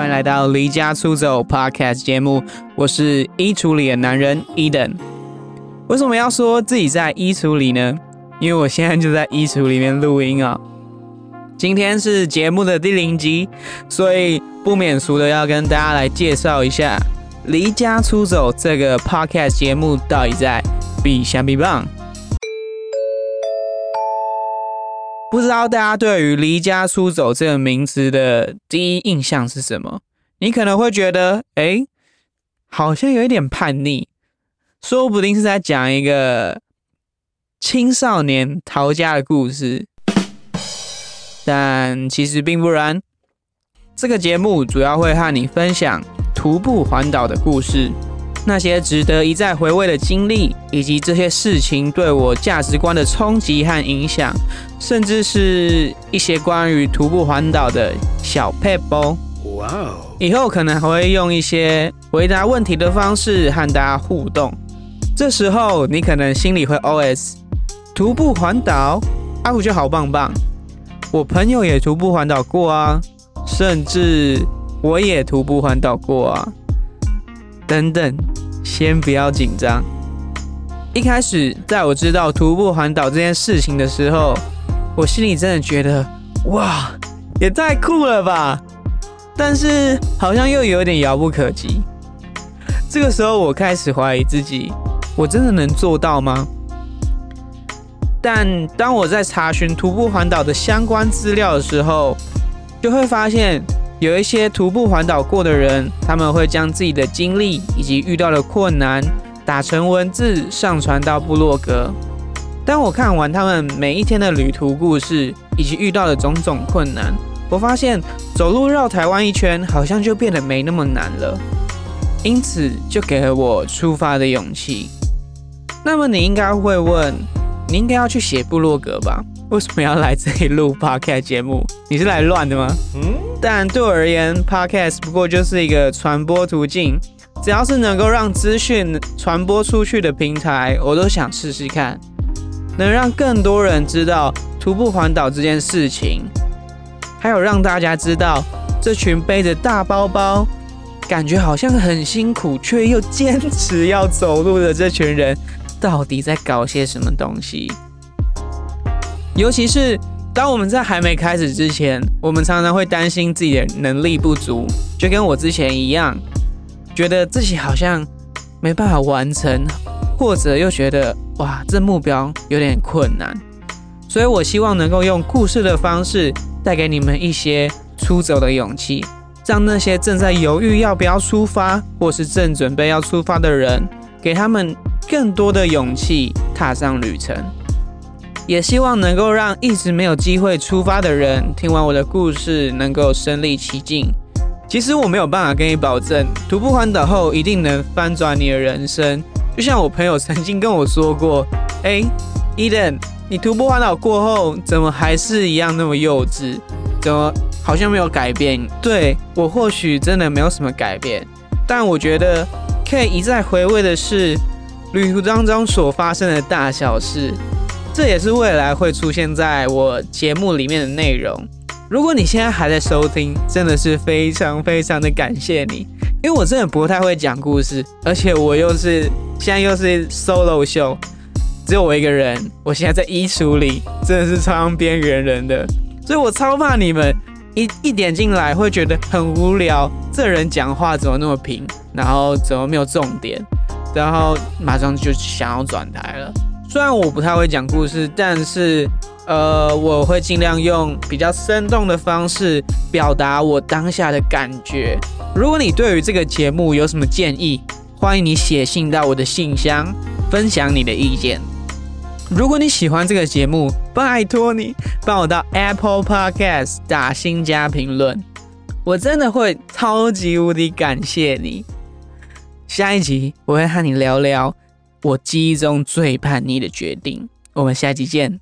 歡迎來到《離家出走》Podcast 節目，我是衣櫥裡的男人 Eden，為什麼要說自己在衣櫥裡呢？因為我現在就在衣櫥裡面錄音啊、哦。今天是節目的第零集，所以不免俗的要跟大家來介紹一下《離家出走》這個 Podcast 節目到底在比香比棒。不知道大家對於“離家出走”這個名詞的第一印象是什麼？你可能會覺得，哎、欸，好像有一點叛逆，說不定是在講一個青少年逃家的故事。但其實並不然，這個節目主要會和你分享徒步環島的故事。那些值得一再回味的經歷，以及這些事情對我價值觀的衝擊和影響，甚至是一些關於徒步環島的小撇步。哇、wow、哦！以後可能還會用一些回答問題的方式和大家互動。這時候你可能心裡會 OS：徒步環島，啊，我就好棒棒！我朋友也徒步環島過啊，甚至我也徒步環島過啊，等等。先不要緊張。一開始，在我知道徒步環島這件事情的時候，我心裡真的覺得，哇，也太酷了吧！但是，好像又有點遙不可及。這個時候，我開始懷疑自己，我真的能做到嗎？但當我在查詢徒步環島的相關資料的時候，就會發現……有一些徒步環島過的人，他們會將自己的經歷以及遇到的困難打成文字上傳到部落格。當我看完他們每一天的旅途故事以及遇到的種種困難，我發現走路繞台灣一圈好像就變得沒那麼難了，因此就給了我出發的勇氣。那麼你應該會問，你應該要去寫部落格吧？為什麼要來這裡錄 Podcast 節目？你是來亂的嗎？嗯，但對我而言，Podcast 不過就是一個傳播途徑，只要是能夠讓資訊傳播出去的平台，我都想試試看，能讓更多人知道徒步環島這件事情，還有讓大家知道這群背着大包包，感覺好像很辛苦卻又堅持要走路的這群人，到底在搞些什麼東西。尤其是當我們在還沒開始之前，我們常常會擔心自己的能力不足，就跟我之前一樣，覺得自己好像沒辦法完成，或者又覺得哇，這目標有點困難。所以我希望能夠用故事的方式，帶給你們一些出走的勇氣，讓那些正在猶豫要不要出發，或是正準備要出發的人，給他們更多的勇氣，踏上旅程。也希望能夠讓一直沒有機會出發的人，聽完我的故事能夠身臨其境。其實我沒有辦法跟你保證，徒步環島後一定能翻轉你的人生。就像我朋友曾經跟我說過：“欸，Eden，你徒步環島過後，怎麼還是一樣那麼幼稚？怎麼好像沒有改變？”對，我或許真的沒有什麼改變，但我覺得可以一再回味的是，旅途當中所發生的大小事。這也是未來會出現在我節目裡面的內容。如果你現在還在收聽，真的是非常非常的感謝你，因為我真的不太會講故事，而且我又是現在又是 solo show，只有我一個人。我現在在衣櫥裡，真的是超邊緣人的，所以我超怕你們一一點進來會覺得很無聊。這人講話怎麼那麼平，然後怎麼沒有重點，然後馬上就想要轉台了。雖然我不太會講故事，但是呃，我會盡量用比較生動的方式表達我當下的感覺。如果你對於這個節目有什麼建議，歡迎你寫信到我的信箱分享你的意見。如果你喜歡這個節目，拜托你幫我到 Apple Podcast 打星加評論，我真的會超級無敵感謝你。下一集我會和你聊聊我記憶中最叛逆的決定，我們下期見。